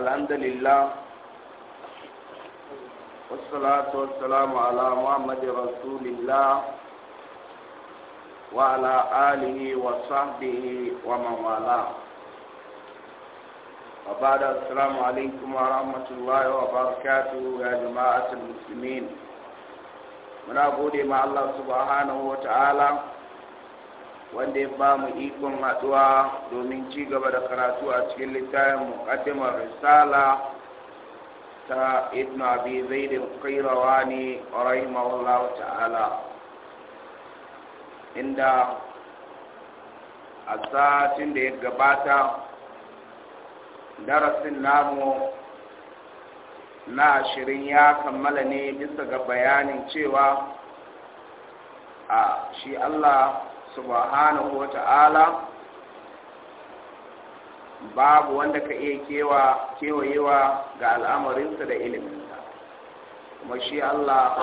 الحمد لله والصلاة والسلام على محمد رسول الله وعلى آله وصحبه ومن والاه وبعد السلام عليكم ورحمة الله وبركاته يا جماعة المسلمين من أبودي مع الله سبحانه وتعالى wanda ya ba mu ikon haɗuwa domin ci gaba da karatu a cikin littafin muƙaddamar risala ta ibn abi zaid al-qayrawani rahimahullahu ta'ala inda a satin da ya gabata darasin namu na ashirin ya kammala ne bisa ga bayanin cewa a shi Allah subhanahu wa ta'ala babu wanda ka iya kewayewa ga al'amarinsa da iliminsa kuma shi Allah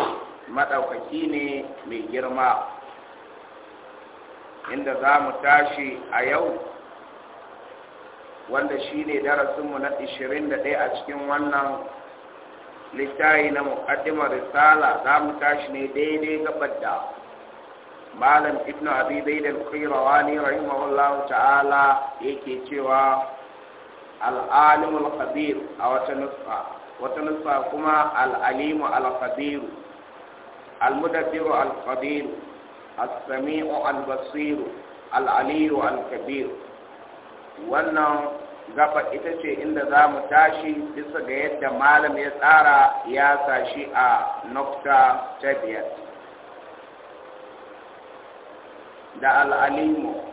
maɗaukaki ne mai girma inda za mu tashi a yau wanda shi ne darasinmu na 21 a cikin wannan littayi na muƙaddimar risala za mu tashi ne daidai gabar da malam ibn abi zaid al-qayrawani rahimahullahu ta'ala yake cewa al al-khabir a wata nufa, wata nufa kuma al'alimu al-khabir al al-qadir as-sami'u al basiru al al kabiru wannan gaba ita ce inda za mu tashi bisa ga yadda malam ya tsara ya shi a nokta ta biyar da al'alimu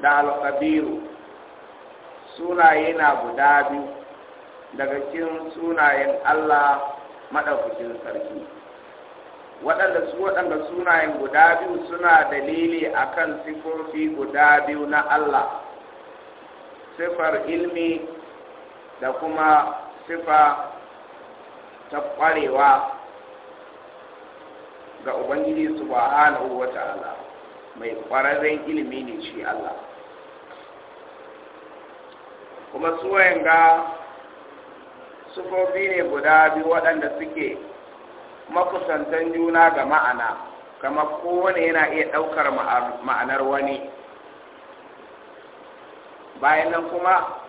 da Alkabiru, sunaye na guda biyu daga cikin sunayen Allah maɗaukacin sarki waɗanda su waɗanda sunayen guda biyu suna dalili a kan sifofi guda biyu na Allah sifar ilmi da kuma sifa ta ƙwarewa ga Ubangiji subhanahu wa ta'ala mai kwararren ilimi ne shi Allah kuma suwayen ga sufofi ne guda biyu waɗanda suke makusantan juna ga ma'ana kama kowane yana iya ɗaukar ma'anar wani bayan nan kuma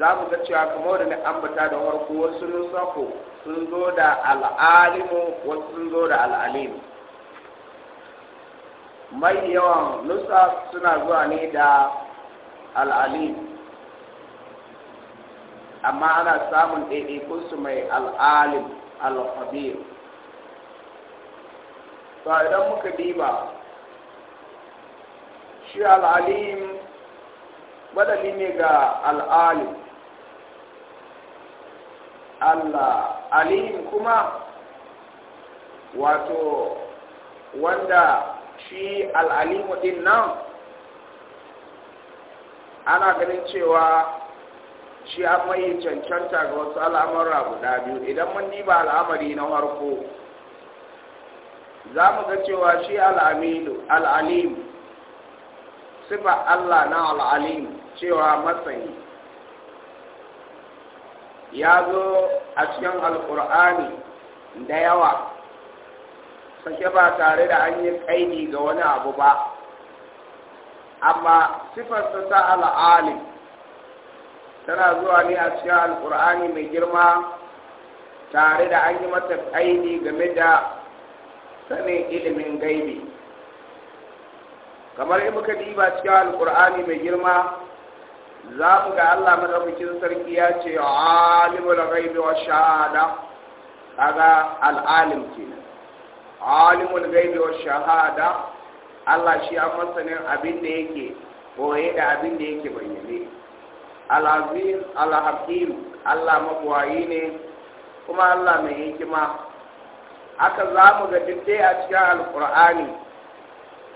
za mu ga cewa wani da na ambata da warko wasu nusako sun zo da al'alimu wasu sun zo da al'alimu mai yawan nusa suna zuwa ne da al'alim amma ana samun ɗaiɗaikunsu mai al'alim al Ba idan muka diba shi al'alim badali ne ga al'alim al'alim kuma wato wanda shi al'alimu din nan ana ganin cewa shi an mai cancanta ga wasu al'amura guda biyu idan mun diba al'amari na harko za mu ga cewa shi al'alim sifa Allah na al'alim cewa matsayi ya zo a cikin al'ur'ani da yawa Fashe ba tare da an yi kaini ga wani abu ba amma sifarsa ta al'alim tana zuwa ne a cikin alkur'ani mai girma tare da an yi mata kaini game da sanin ilimin gaibi kamar yi muka diba cikin alkur'ani mai girma za mu ga allah madaukakin sarki ya ce alimul gaibi wa shahada kaga al'alim kenan alimul gaibi wa shahada Allah shi a masanin abin da yake koye da abin da yake bayyane al-aziz al-hakim Allah magwayi ne kuma Allah mai hikima haka zamu ga dukkan a cikin alqur'ani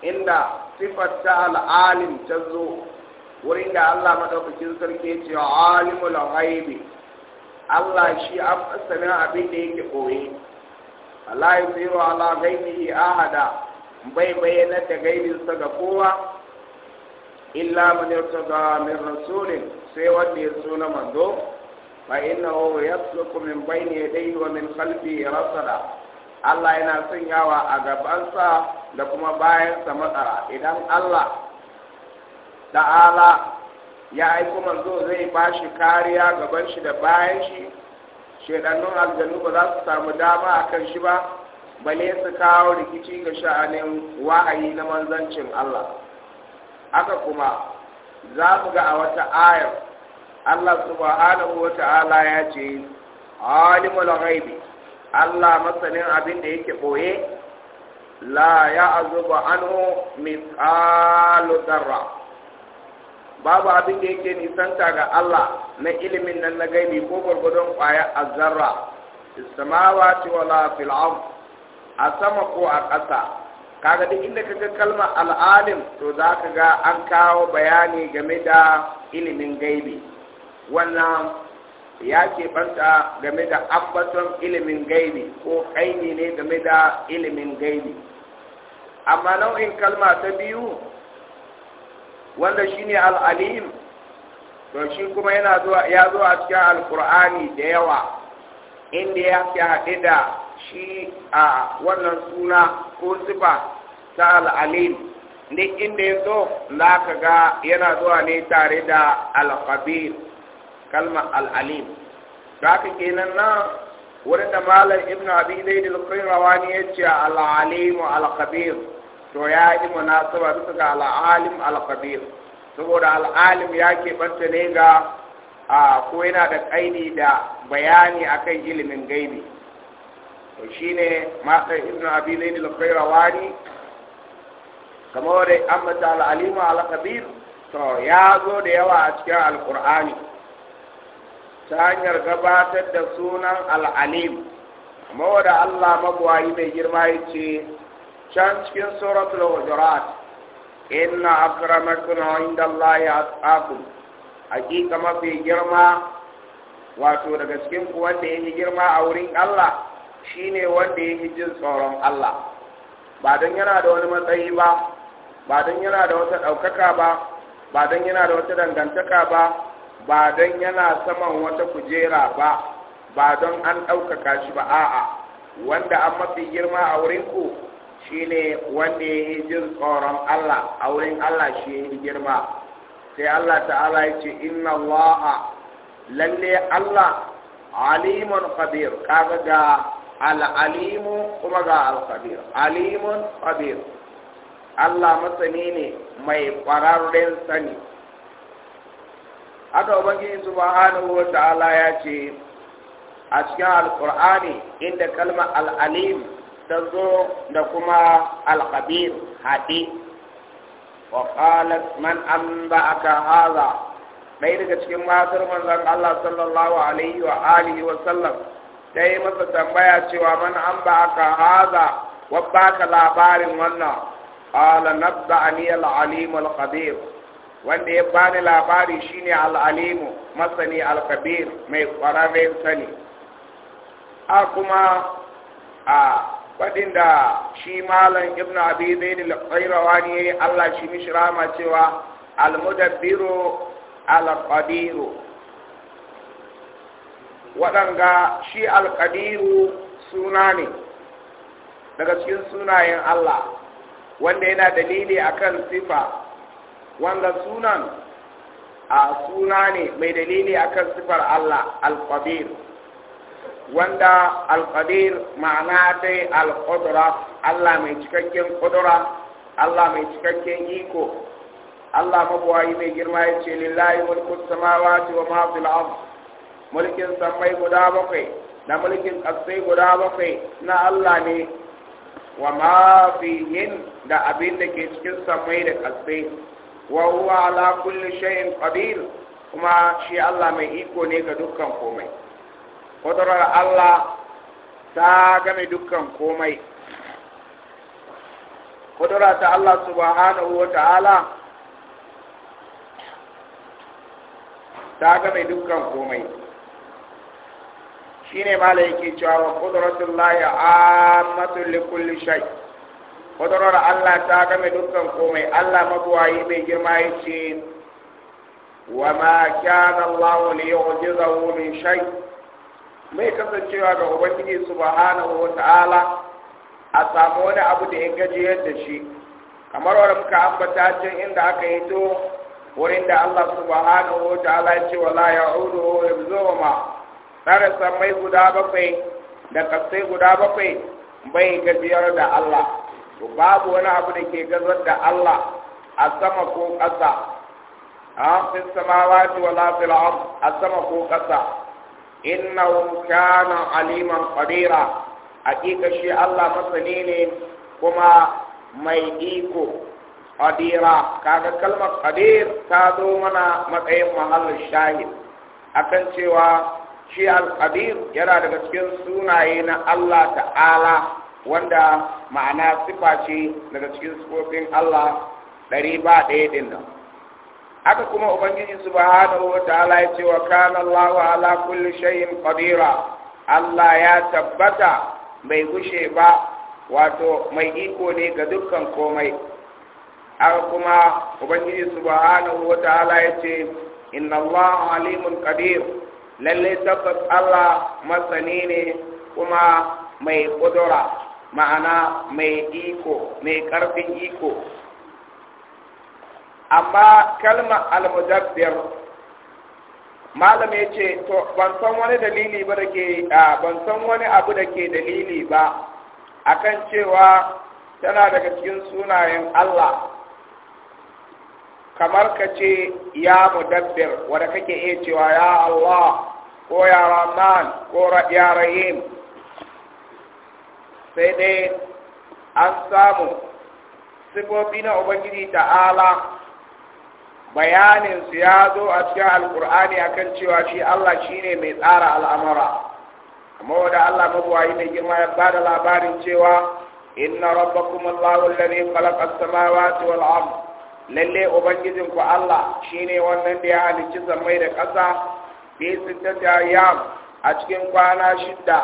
inda sifar ta al-alim ta zo wurin da Allah madaukakin sarki ce alimul ghaibi Allah shi a masanin abin da yake koye Allah ya tsiro ala gainihi ahada bai bayyana da gaininsa ga kowa illa man ga min rasulin sai wanda ya so na manzo fa innahu yasluku min bayni yadayhi wa min rasa rasada Allah yana sanyawa a gabansa da kuma bayansa matsara idan Allah ta'ala ya aiko manzo zai bashi kariya gaban shi da bayan shi shedannun aljanu ba za su samu dama a kan shi ba bale su kawo rikici ga sha'anin wahayi na manzancin Allah haka kuma za mu ga a wata ayar Allah subhanahu wa ta'ala ya ce alimul ghaibi Allah masanin abin da yake boye la ya'zubu anhu mithqalu dharra babu abin da yake nisanta ga Allah na ilimin nan na gaibi ko gwargwadon kwaya a zarra samawati wala fila'un, a sama ko a ƙasa kaga duk inda ka ga kalma al'alim to za ka ga an kawo bayani game da ilimin gaibi wannan ya ke banta game da abbatan ilimin gaibi ko kaini ne game da ilimin gaibi amma nau'in kalma ta biyu wanda shine al-alim to shi kuma yana zuwa ya zo a cikin alkur'ani da yawa inda ya ke haɗe da shi a wannan suna ko sifa ta al'alim ne inda ya zo za ka ga yana zuwa ne tare da alkhabir kalmar al'alim za ka kenan nan wurin da malar ibn abi zaid al-qayrawani ya ce al'alimu al-khabir to ya yi munasaba bisa ga al'alim al-kabir saboda al'alim ya ke banta ne ga ko yana da kaini da bayani akan ilimin gaibi to shine masar ibn abi zaid al-qayrawani kamar da amma al-alim al-kabir to ya zo da yawa a cikin alkur'ani ta hanyar gabatar da sunan al'alim da Allah magwayi mai girma ce can cikin suratul hujurat inna akramakum inda Allah ya atqakum hakika mafi girma wato daga cikinku ku wanda yake girma a wurin Allah shine wanda yake jin tsoron Allah ba don yana da wani matsayi ba ba don yana da wata ɗaukaka ba ba don yana da wata dangantaka ba ba don yana saman wata kujera ba ba don an ɗaukaka shi ba a'a wanda an mafi girma a wurinku shine wanda ya yi jin tsoron Allah a wurin Allah shi ya yi girma sai Allah ta'ala ya ce inna Allah lalle Allah alimun khabir kaga ga al'alimu kuma ga al-khabir alimun khabir Allah masani ne mai kwararren sani haka ubangiji subhanahu wa ta'ala ya ce a cikin alkur'ani inda kalmar alalim ta zo da kuma alkabir haɗe wa qalat man an ba aka haza mai daga cikin matar manzan Allah sallallahu alaihi wa alihi wa sallam ta yi masa tambaya cewa man an ba aka haza wa baka labarin wannan qala nabda ani al-alim wanda ya bani labari shine al-alimu masani al mai ƙwararren sani a kuma a faɗin da shi malam ibn abi zaid al-qayrawa ne Allah shi mishi rama cewa al-mudabbiru al-qadiru waɗanga shi al-qadiru suna ne daga cikin sunayen Allah wanda yana dalili akan sifa wanda sunan a suna ne mai dalili akan sifar Allah al wanda alƙadir ma'ana dai alƙudura Allah mai cikakken ƙudura Allah mai cikakken iko Allah mabuwayi mai girma ya ce lillahi samawa ce wa mafi fil mulkin samai guda bakwai na mulkin ƙasai guda bakwai na Allah ne wa mafi yin da abin da ke cikin samai da ƙasai wa huwa ala kulli shay'in qadir kuma shi Allah mai iko ne ga dukkan komai ƙudurar Allah ta game dukkan komai ƙudura ta Allah subhanahu wa ta'ala ta game dukkan komai shi ne ma yake cewa wa ƙuduratun laye a matulli kulli shai da Allah ta game dukkan komai Allah mabuwayi mai girma ya ce wa ma kyanar lawon yau jizawo min shai mai kasancewa ga ubangiji subhanahu wa ta'ala a samu wani abu da ya gajiyar da shi kamar wani muka ambata can inda aka yi to wurin da Allah subhanahu wa ta'ala ya ce wa la ya'udu ma. yabzuhuma tare mai guda bakwai da kasai guda bakwai bai gajiyar da Allah to babu wani abu da ke gazar da Allah a sama ko ƙasa a fi ji wala filam a sama ko ƙasa innahu kana aliman qadira hakika shi Allah masani ne kuma mai iko qadira kaga kalmar qadir ta zo mana matsayin mahallin shahid akan cewa shi al yana daga cikin sunaye na Allah ta'ala wanda ma'ana sifa ce daga cikin sifofin Allah ɗari ba ɗaya ɗin nan haka kuma ubangiji subhanahu wa ta'ala ya ce wa kana Allah ala kulli shay'in qadira Allah ya tabbata bai gushe ba wato mai iko ne ga dukkan komai haka kuma ubangiji subhanahu wa ta'ala ya ce inna Allah alimun qadir lalle tabbas Allah masani ne kuma mai kudura ma'ana mai iko mai karfin iko amma kalma al-mudabbir malam ya ce to ban san wani dalili ba da ban san wani abu da ke dalili ba akan cewa tana daga cikin sunayen Allah kamar ka ce ya mudabbir wanda kake iya cewa ya Allah ko ya Rahman ko ya Rahim sai dai an samu sifofi na Ubangiji ta'ala bayanin su ya zo a cikin alkur'ani akan cewa shi Allah shine mai tsara al'amura amma wanda Allah mabuwayi mai girma ya ba da labarin cewa inna rabbakum Allahu alladhi khalaqa as-samawati wal ard lalle ubangijin ku Allah shine wannan da ya halicci sammai da ƙasa bi sittati ayyam a cikin kwana shidda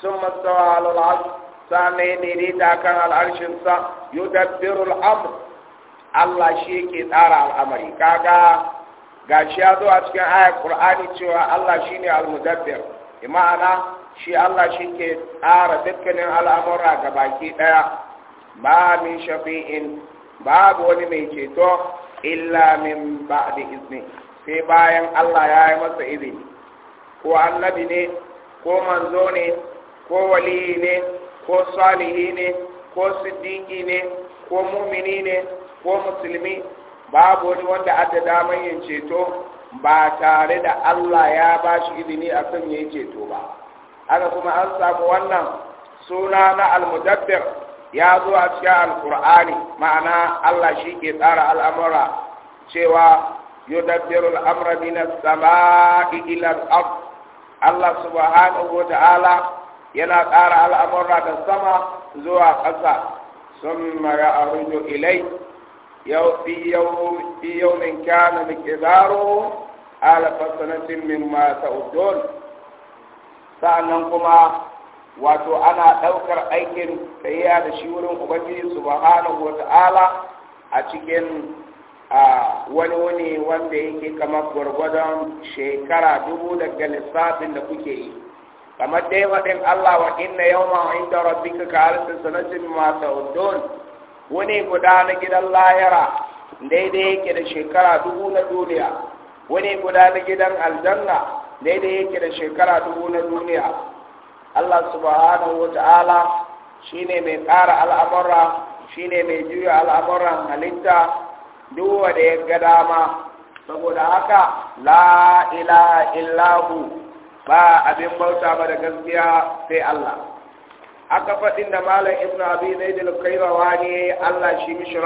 sun mastawa al-arsh sanai ne ne ta kan al-arshin sa yudabbiru amr Allah shi yake tsara al'amari kaga shi ya zo a cikin ayar Qur'ani cewa Allah shi ne al-mudabbir imana shi Allah shi ke tsara dukkanin al'amura ga baki daya ba min shafi'in babu wani mai ceto illa min ba'di izni sai bayan Allah ya yi masa izini ko annabi ne ko manzo ne ko wali ne ko salihi ne ko siddiqi ne ko mumini ne ko musulmi babu wani wanda aka damar yin ceto ba tare da Allah ya ba shi izini a kan yin ceto ba haka kuma an samu wannan suna na almudabbir ya zo a cikin alkur'ani ma'ana Allah shi ke tsara al'amura cewa yudabbiru al'amra min as-sama'i ila al-ard Allah subhanahu wa ta'ala yana tsara al'amura da sama zuwa ƙasa sun mara a ilai في يوم في يوم كان مقداره آلاف ma مما تعدون sa'annan kuma wato ana ɗaukar aikin tsayiya da shi wurin ubangiji subhanahu wata'ala a cikin wani wani wanda yake kamar gwargwadon shekara dubu daga lissafin da kuke yi kamar dai waɗin Allah wa inna yawma inda rabbika ka alfi sanatin ma wani guda na gidan lahira daidai yake da shekara dubu na duniya wani guda na gidan aljanna daidai yake da shekara dubu na duniya Allah subhanahu wa ta'ala shi ne mai ƙara al'amura shi ne mai juya al'amuran halitta duwa da ya ga dama saboda haka la illahu ba abin bauta ba da gaskiya sai Allah aka faɗin da malam ibn abi zaid al-qayrawani Allah shi mishi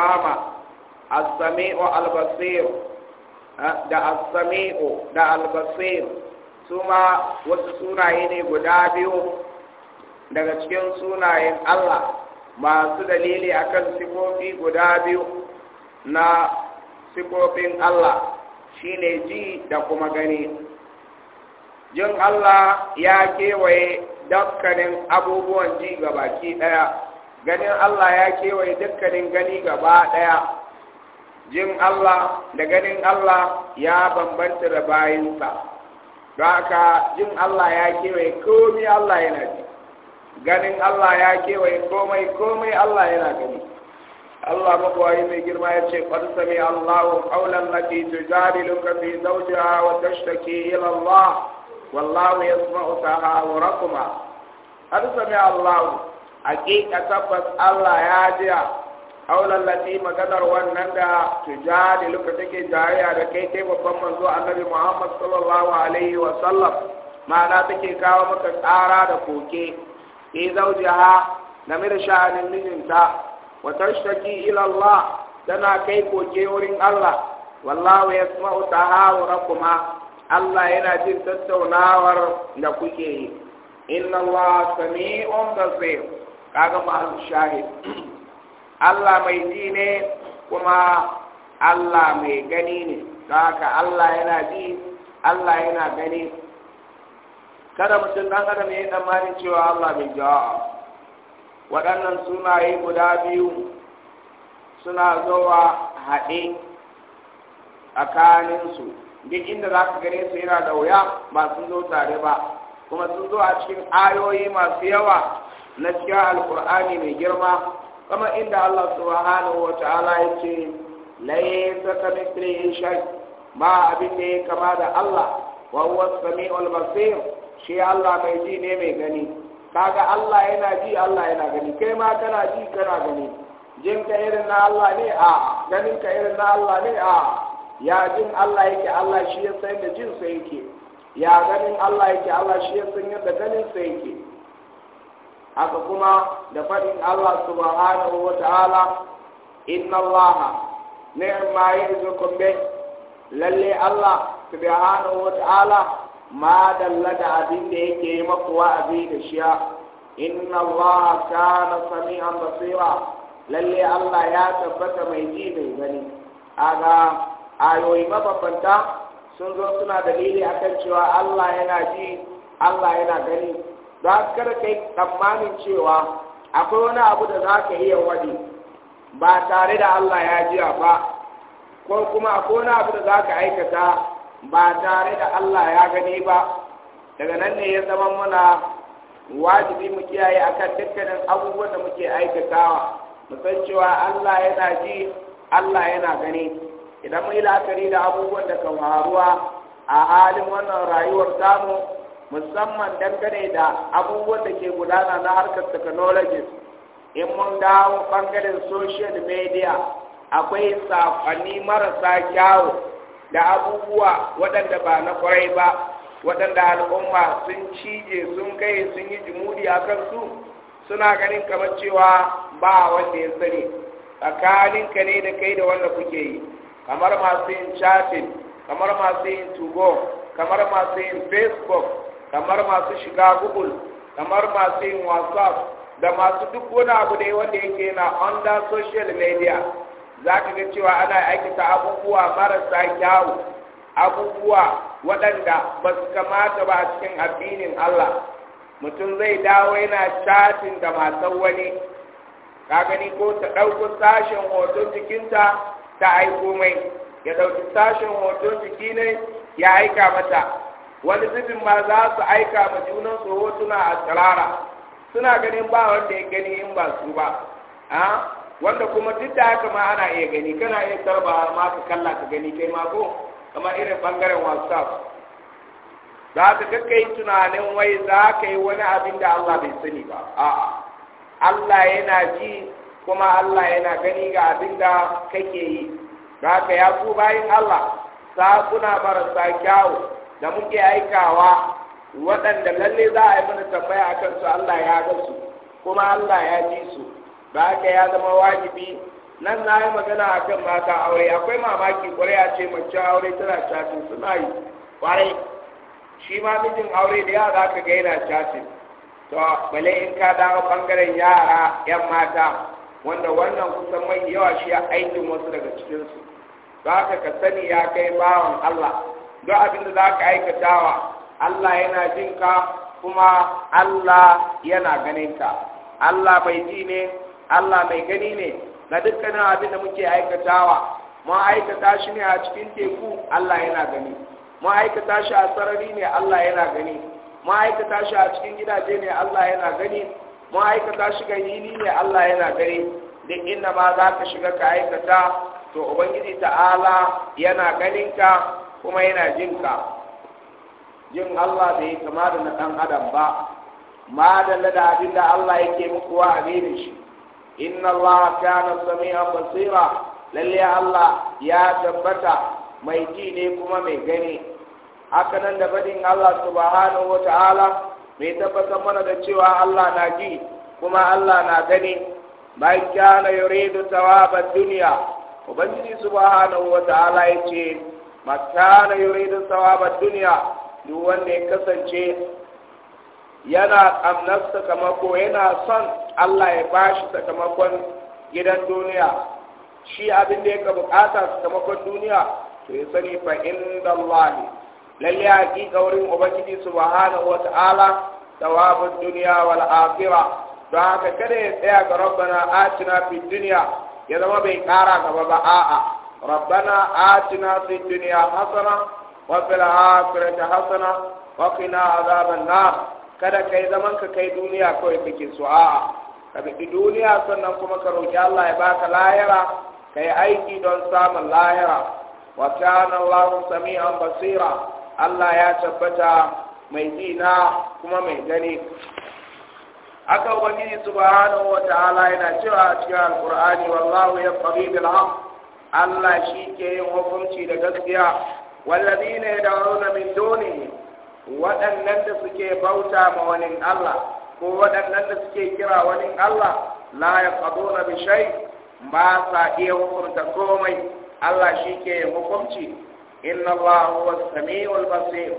samiu al-basir da as-sami'u da al-basir suma wasu sunaye ne guda biyu daga cikin sunayen Allah masu dalili akan sifofi guda biyu na sifofin Allah shine ji da kuma gani jin Allah ya kewaye dukkanin abubuwan ji ga baki ɗaya ganin Allah ya kewaye dukkanin gani gaba ɗaya jin Allah da ganin Allah ya bambanta da bayansa don haka jin Allah ya kewaye komai Allah yana ji ganin Allah ya kewaye komai komai Allah yana gani Allah mabuwayi mai girma ya ce qad sami Allahu qawlan lati tujari lokaci zaujiya wa tashtaki ilallah. wallahu yasma'u tahawurakuma qad sami'a Allah haqiqa tabbas Allah ya jiya aulan lati maganar wannan da tujadiluka take jariya da kai kai babban manzo annabi Muhammad sallallahu alaihi wa sallam ma'ana take kawo maka tsara da koke ke zaujaha na mir sha'anin mijinta wa tashtaki ila Allah tana kai koke wurin Allah wallahu yasma'u tahawurakuma Allah yana jin tattaunawar da kuke yi inna Allah sami'un basir kaga ma an shahid Allah mai ji ne kuma Allah mai gani ne haka Allah yana ji Allah yana gani kada mutum dan adam tsammanin cewa Allah bai jawa waɗannan sunaye guda biyu suna zowa haɗe tsakaninsu duk inda za ka gane su yana da wuya ba sun zo tare ba kuma sun zo a cikin ayoyi masu yawa na cikin alkur'ani mai girma kama inda Allah subhanahu wa ta'ala ya ce laysa kamithlihi shay ba abin da ya kama da Allah wa huwa samiul basir shi Allah mai ji ne mai gani kaga Allah yana ji Allah yana gani kai ma kana ji kana gani jin ka irin na Allah ne a ganin ka irin na Allah ne a ya jin Allah yake Allah shi ya san da jin sai yake ya ganin Allah yake Allah shi ya san yadda ganin sai yake haka kuma da faɗin Allah subhanahu wa ta'ala inna Allah ni'ma yarzuqu bi lalle Allah subhanahu wa ta'ala ma dalla da abin da yake yi maku abin da shiya inna Allah kana sami'an basira lalle Allah ya tabbata mai ji mai gani aga ayoyi mabambanta sun zo suna dalili akan cewa Allah yana ji Allah yana gani za kada kai tsammanin cewa akwai wani abu da za ka iya wani ba tare da Allah ya jiya ba ko kuma akwai wani abu da za ka aikata ba tare da Allah ya gani ba daga nan ne ya zama muna wajibi mu kiyaye akan dukkanin abubuwan da muke aikatawa mu cewa Allah yana ji Allah yana gani idan mun yi la'akari da abubuwan da kan faruwa a halin wannan rayuwar samu musamman dangane da abubuwan da ke gudana na harkar technologies in mun dawo bangaren social media akwai safanni marasa kyawu da abubuwa waɗanda ba na kwarai ba waɗanda al'umma sun cije sun kai sun yi jimudi a kansu suna ganin kamar cewa ba wanda ya sani tsakaninka ne da kai da wanda kuke yi kamar masu yin chatin kamar masu yin tugo kamar masu yin facebook kamar masu shiga google kamar masu yin whatsapp da masu duk wani abu ne wanda yake na under social media za ka ga cewa ana aikata abubuwa marasa kyawu abubuwa waɗanda ba su kamata ba a cikin addinin Allah mutum zai dawo yana chatin da matan wani ka gani ko ta ɗauko sashen hoton jikinta ta aiko mai ya dauki tashin hoton jiki ne ya aika mata wani zubin ma za su aika ma junan su hotuna a tsirara suna ganin ba wanda ya gani in ba su ba a wanda kuma duk da haka ma ana iya gani kana iya tarba ma ka kalla ka gani kai ma ko kamar irin bangaren whatsapp za ka kakka kai tunanin wai za ka yi wani abin da Allah bai sani ba a'a Allah yana ji kuma Allah yana gani ga abin da kake yi da ka ya ku bayan Allah sakuna marasa kyawu da muke aikawa waɗanda lalle za a yi mana tambaya a kansu Allah ya ga su kuma Allah ya ji su da ka ya zama wajibi nan na yi magana a kan mata aure akwai mamaki kwarai a ce mace aure tana cacin suna yi kwarai shi ma mijin aure da yara ka ga yana cacin to bale in ka dawo bangaren yara yan mata wanda wannan kusan mai yawa shi ya aikin wasu daga cikinsu za ka ka sani ya kai bawan Allah don abin da za ka aikatawa Allah yana jin ka kuma Allah yana ganin ka Allah bai ji ne Allah mai gani ne na dukkanin abin da muke aikatawa mu aikata shi ne a cikin teku Allah yana gani mu aikata shi a sarari ne Allah yana gani mu aikata shi a cikin gidaje ne Allah yana gani mu aikata shiga hili ne Allah yana gani duk inda ma za ka shiga ka aikata to ubangiji ta'ala yana ganinka kuma yana jinka jin Allah bai kama da na ɗan adam ba ma da da abin da Allah yake muku wa da shi inna Allah kana samia basira lalle Allah ya tabbata mai ji ne kuma mai gani haka nan da badin Allah subhanahu wa ta'ala mai tabbatar mana da cewa Allah na ji kuma Allah na gani man kana yuridu thawaba dunya ubangiji subhanahu wataala yace man kana da tawabar duniya, duk wanda ya kasance yana amnar sakamako yana son Allah ya bashi sakamakon gidan duniya shi abin da yake bukata sakamakon duniya to ya sani fa inda Allah lalle hakika wurin ubangiji subhanahu wata'ala da duniya wal akhirah don haka kada ya tsaya ga rabbana atina fid duniya ya zama bai kara gaba ba a'a rabbana atina fid duniya hasana wa fil akhirati hasana wa qina azaban nar kada kai zaman ka kai duniya kawai kake so a'a ka bi duniya sannan kuma ka roki Allah ya baka lahira kai aiki don samun lahira wa kana Allahu sami'an basira Allah ya tabbata mai zina kuma mai gani aka ubangiji subhanahu wataala yana cewa a cikin alkur'ani wallahu yaqdi bil haqq Allah shi ke yin hukunci da gaskiya wallazina yad'una min dunihi waɗannan da suke bauta ma wani Allah ko waɗannan da suke kira wani Allah la yaqduna bi shay ba sa iya hukunta komai Allah shi ke yin hukunci inna Allah huwa samiul basir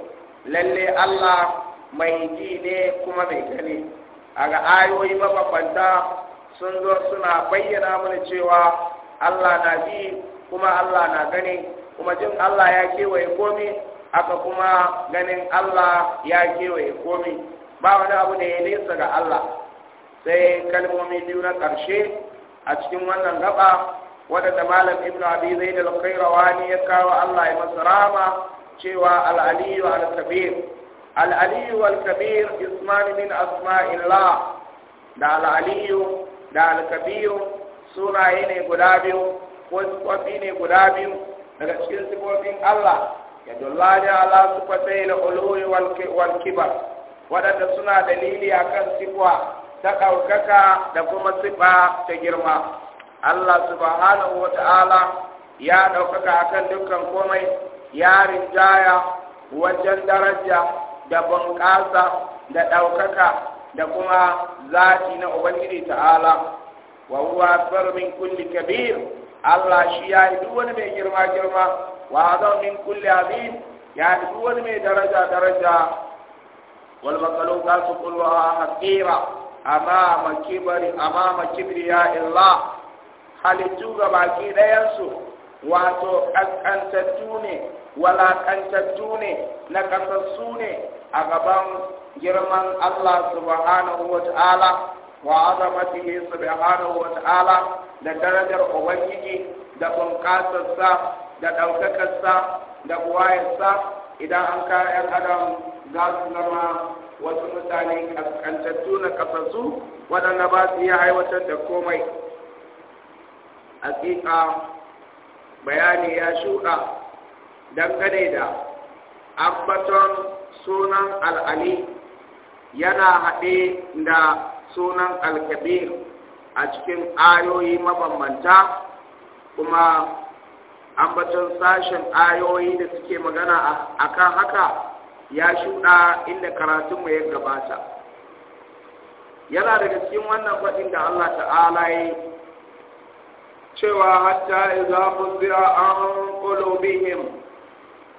lalle Allah mai ji ne kuma mai gani a ga ayoyi mabambanta sun zo suna bayyana mana cewa Allah na ji kuma Allah na gani kuma jin Allah ya kewaye komi aka kuma ganin Allah ya kewaye komi ba wani abu da ya nesa ga Allah sai kalmomi biyu na ƙarshe a cikin wannan gaba wadanda malam ibnu abi zaid al-qayrawani ya kawo Allah ya masa rama cewa al wa al-kabir al-aliyu al-kabir isman min asma'illah da al da al-kabir sunaye ne guda biyu ko sifofi ne guda biyu daga cikin sifofin Allah ya dullani ala sifatai da uluwi wal kibar waɗanda suna dalili akan sifa ta ɗaukaka da kuma sifa ta girma Allah subhanahu wa ta'ala ya ɗaukaka akan dukkan komai ya rinjaya wajen daraja da bunƙasa da ɗaukaka da kuma zaki na Ubangiji ta'ala wa huwa min kulli kabir Allah shi ya yi duk wani mai girma girma wa min kulli azim ya yi duk wani mai daraja daraja wal makalukatu kulluha Amma amama kibri amama kibriya illah halittu ga baki ɗayansu wato ƙasƙantattu ne walaƙantattu ne na ƙasassu ne a gaban girman Allah subhanahu wa ta'ala wa azamatihi subhanahu wa ta'ala da darajar ubangiji da bunƙasarsa da ɗaukakarsa da buwayarsa idan an kare 'yan adam za su zama wasu mutane ƙasƙantattu na ƙasassu waɗanda ba su iya aiwatar da komai hakika bayani ya shuɗa dangane da ambaton sunan al'ali yana haɗe da sunan alkabir a cikin ayoyi mabambanta kuma ambaton sashen ayoyi da suke magana a kan haka ya shuɗa inda karatunmu ya gabata yana daga cikin wannan faɗin da Allah ta'ala ya cewa hatta iza qudira an qulubihim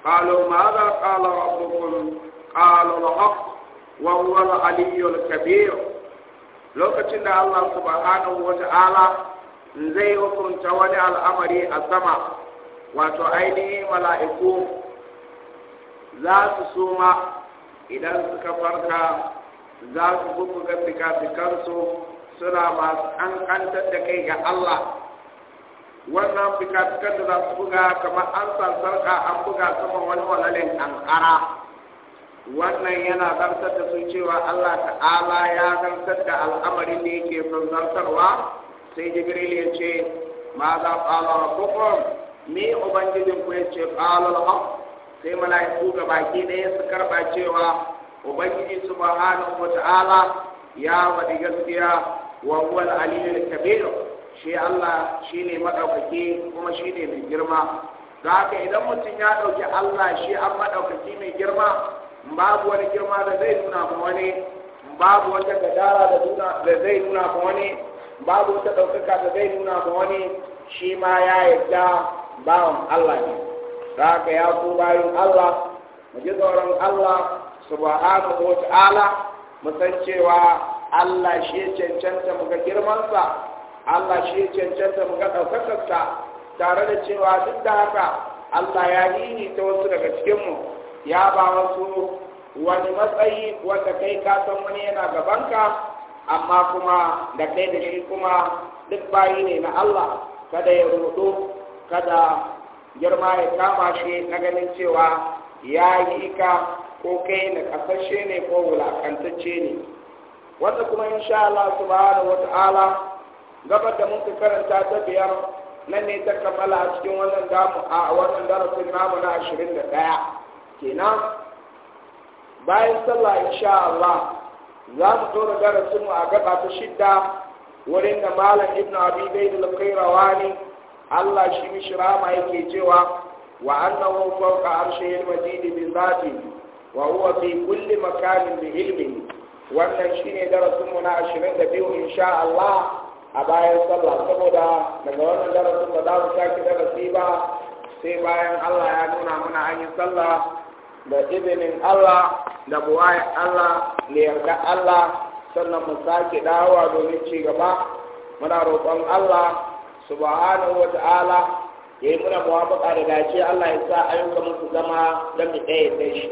qalu za qala rabbukum qalu al-haq wa huwa al-aliyyul kabir lokacin da Allah subhanahu wa ta'ala zai hukunta wani al'amari a sama wato ainihi mala'iku za su suma idan suka farka za su buku ga fikafikansu suna masu ƙanƙantar da kai ga Allah wannan fikafikan da za su buga kamar an sarsarka an buga saman wani walalin ankara wannan yana zartar da su cewa Allah ta'ala ya zartar da al'amarin da yake son zartarwa sai jibril ya ce ma za ƙala rabbukum ni ubangijin ku ya ce ƙala haq sai mala'iku ga baki ɗaya su karɓa cewa ubangiji subhanahu wa ta'ala ya faɗi gaskiya wa huwa al-aliyyul kabir shi Allah shi ne maɗaukaki kuma shi ne mai girma za ka idan mutum ya ɗauki Allah shi an maɗaukaki mai girma babu wani girma da zai nuna ma wani babu wata gadara da zai nuna ma wani babu wata ɗaukaka da zai nuna ma wani shi ma ya yadda bawan Allah ne za ka ya ku bayan Allah mu ji tsoron Allah subhanahu wa ta'ala mu san cewa Allah shi cancanta ga girmansa Allah shi ya cancanta mu ga ɗaukakarsa tare da cewa duk da haka Allah ya yi ta wasu daga cikinmu ya ba wasu wani matsayi wanda kai ka san wani yana gabanka amma kuma da kai da shi kuma duk bayi ne na Allah kada ya rudu kada girma ya kama shi na ganin cewa ya yi ka ko kai na kasashe ne ko wulakantacce ne wanda kuma insha Allah subhanahu ta'ala gabar da muka karanta ta biyar nan ne ta kammala a cikin wannan damu a wannan darasin namu na ashirin da ɗaya kenan bayan sallah insha Allah za mu tura darasin mu a gaba ta shidda wurin da malam ibnu abi zaid al ne? Allah shi Shirama yake cewa wa annahu fawqa arshil majid bi zafi, wa huwa fi kulli makanin bi ilmihi wannan shine darasin mu na 22 insha Allah a bayan sallah saboda daga wannan darasin ba za mu sake darasi ba sai bayan Allah ya nuna mana an yi sallah da izinin Allah da buwayen Allah da yarda Allah sannan mu sake dawowa domin ci gaba muna roƙon Allah subhanahu wa ta'ala yayi muna muwafaqa da dace Allah ya sa ayyuka mu zama da mu ɗaya da shi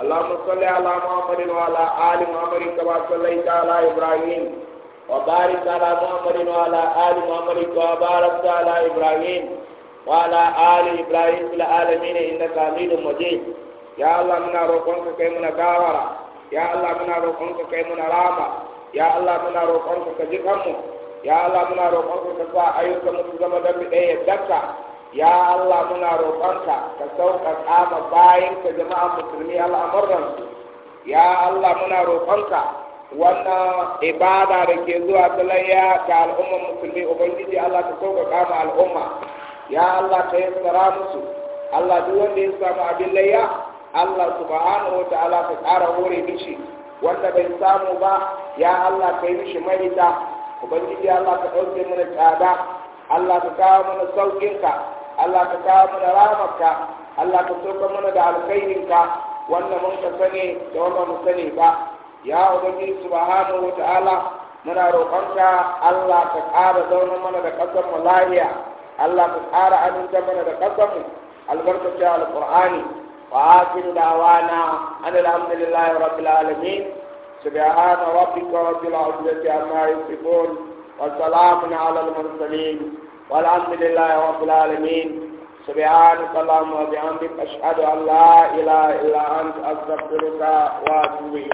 اللهم صل على محمد وعلى آل محمد كما صليت على إبراهيم وبارك على محمد وعلى آل محمد وبارك على إبراهيم وعلى آل إبراهيم في العالمين إنك حميد مجيد يا الله منا روكونك كي منا غاورا يا الله منا روكونك كي منا راما يا الله منا روكونك كجيكمو يا الله منا روكونك كسا أيوك مكزم دبي أي دكا يا الله منا روكونك كسوك أما باين كجماعة مسلمي الأمر يا الله منا روكونك wannan ibada da ke zuwa ta ga al'ummar musulmi ubangiji Allah ta sauka kama al'umma ya Allah ta yassara musu Allah duk wanda ya samu abin layya Allah subhanahu wa ta'ala ka ƙara hore mishi wanda bai samu ba ya Allah ka yi mishi mahita ubangiji Allah ka ɗauke mana tsada Allah ka kawo mana sauƙinka Allah ka kawo mana ramarka Allah ka sauka mana da alkhairinka wanda mun ka sani da wanda mun sani ba ya ubangi subhanahu wa ta'ala muna roƙonka Allah ka ƙara zauna mana da ƙasar mu lahiya Allah ka ƙara aminta mana da ƙasar mu albarkaci alqur'ani wa akhiru da'wana an alhamdulillahi rabbil alamin سبحان ربك رب العزة عما يصفون وسلام على المرسلين والحمد لله رب العالمين سبحانك اللهم وبحمدك أشهد أن لا إله إلا أنت أستغفرك وأتوب إليك